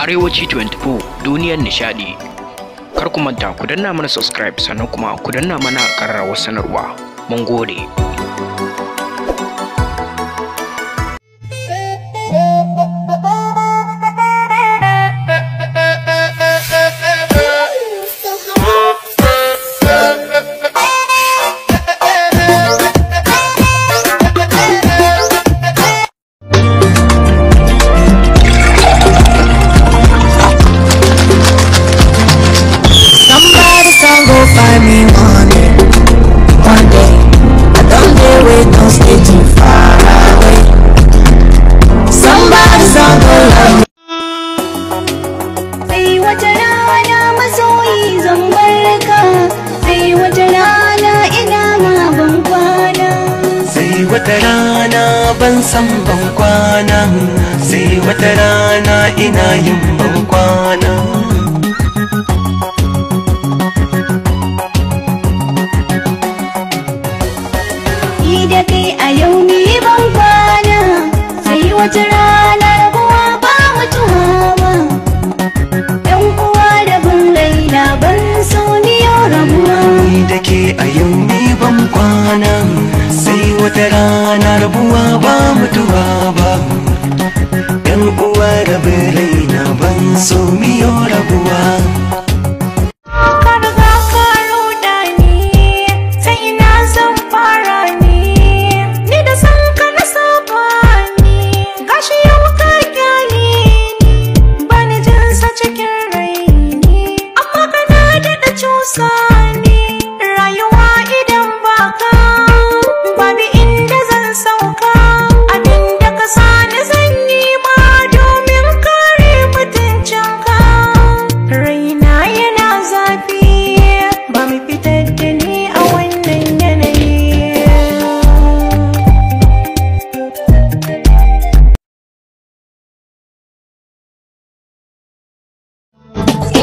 Arewaci 24 duniyar nishadi. Kar ku manta ku danna mana subscribe sannan kuma ku danna mana karrawar sanarwa. Mun gode. ban san ban kwana sai wata rana ina yin ban kwana da kai a yau ban kwana sai wata rana rabuwa ba mutuwa ba yan uwa da bin laila ban so ni rabuwa ni da ke a yau ban kwana sai wata rana rabuwa ba mutuwa ba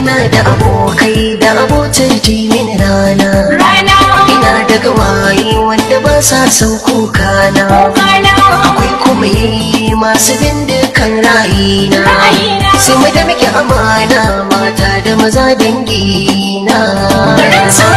ina da abokai da abotar min rana ina da gawayi wanda ba sa son kukana akwai kuma yi masu bindikan rayina sai mu da muke amana mata da maza dangi na.